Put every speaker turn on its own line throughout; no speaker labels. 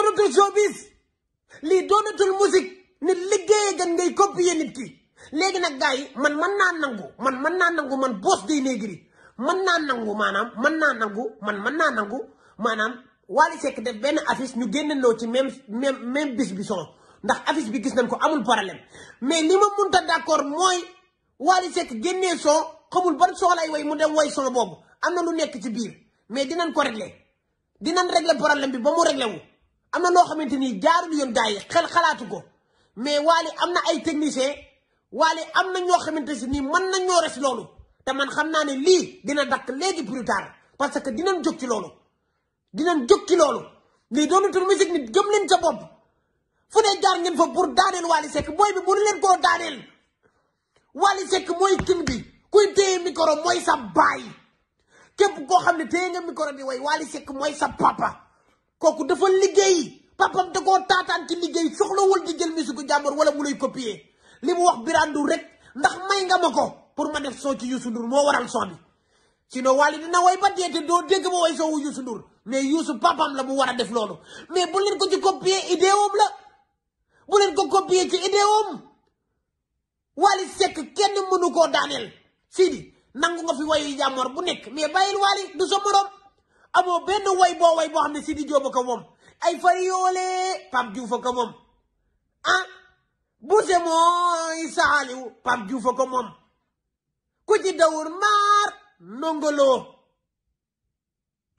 doonatul showbiz lii doonatul musique nit liggéeye gan ngay copier nit ki léegi nag gars yi man naa nangu man mën naa nangu man boss Dey Negri mën naa nangu maanaam mën naa nangu man mën naa nangu maanaam Wally Seck def benn affiche ñu génnandoo ci même même même bis bi son ndax affiche bi gis nañ ko amul problème mais li ma munta d'accord mooy Wally Seck génnee son xamul ban soxlay way mu dem way son boobu am na lu nekk ci biir mais dinañ ko régler dinañ régler problème bi ba mu régler am na loo xamante ni jaarul yoon gars yi xel xalaatu ko mais Wally am na ay technicien Wally am na ñoo xamante si nii mën nañ ñoo res loolu te man xam naa ne lii dina dakk léegi plus tard parce que dinañ jóg ci loolu dinañ jóg ci loolu lii doonutul musique nit gëm leen sa bopp fu ne jaar ngeen fa pour daaneel Wally Seck booy bi mënu leen koo daaneel Wally Seck mooy kin bi kuy téye micro mooy sa baay képp koo xam ne téye nga micro di way Wally sekk mooy sa papa kooku dafa liggéey papam da koo tataan ci liggéey soxlawul di jël musiku jàmbur wala mu lay copier li mu wax Birane rek ndax may nga ma ko pour ma def soo ci Youssou Ndour moo waral soo bi sinon Wally dina way ba dee te doo dégg ma way soowu mais Youssou papam la mu war a def loolu mais bu leen ko ci copier idéom la bu leen ko copier ci idéom Wally Seck kenn mënu koo daaneel Sidi nangu nga fi wayu jàmbur bu nekk mais bàyyil Wally du sa morom amoo benn way boo way boo xam ne Sidi Diop ko moom ay fari yoolee Pape ko moom ah buuse mooy saaliw Pape Diouf ko moom ku ci dawur maar nongoloo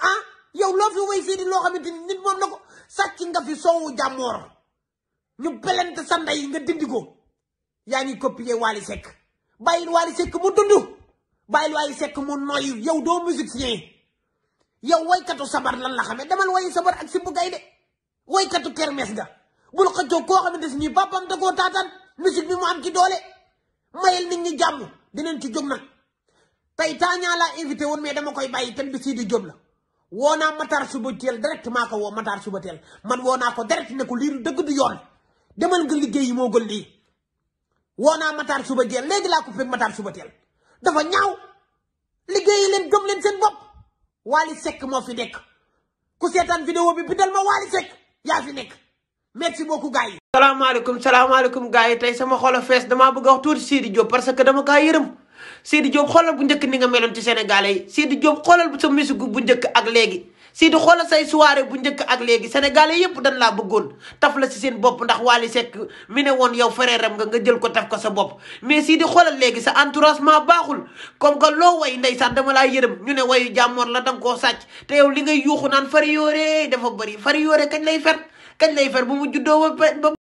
ah yow loo fi way Sidi loo xamante ni nit moom na ko sàcc nga fi soowu jàmmoor ñu belente sa nga dindi ko yaa ngi copier Wally Seck bàyyil Wally Seck mu dund bàyyil Wally Seck mu noyyi yow doo musicien yow waykatu sabar lan la xamee demal wayi sabar ak simbu gaynde waykatu kermes ga bul xëccoo koo xamante si nii papam da koo taataan musique bi mu am ci doole mayel nit ñi jàmm dinañ ci jóg nag tey taañaa laa invité woon mais dama koy bàyyi ten bi sii di jóob la woo naa Matar suba teel directement ko woo Matar suba teel man woo naa ko direct ne ko liiru dëkk dëgg du yoon demal nga liggéey yi moo gën lii woo naa Matar suba teel léegi laa ko fekk Matar suba teel dafa ñaaw liggéeyi leen gëm leen seen bopp Wally sekk moo fi nekk ku seetaan vidéo bi bindal ma Wally Seck yaa fi nekk merci beaucoup gars yi. salaamaaleykum salaamaaleykum gaa yi tey sama xolo fees damaa bëgg a wax tuuti Sidi Diop parce que dama kaa yërëm Sidi Diop xoolal bu njëkk ni nga meloon ci Sénégalais yi Sidi Diop xoolal sa musique bu njëkk ak léegi. sii di xoolal say soirée bu njëkk ak léegi sénégalais yépp dañ laa bëggoon taf la si seen bopp ndax Wally Seck mi ne woon yow frère am nga nga jël ko taf ko sa bopp mais sii di xoolal léegi sa entouragement baaxul comme que loo way ndeysaan dama laa yërëm ñu ne wayu jàmmoon la danga koo sàcc te yow li ngay yuuxu naan fari yoore dafa bëri fari yoore kañ lay fer kañ lay fer bu mu juddoo ba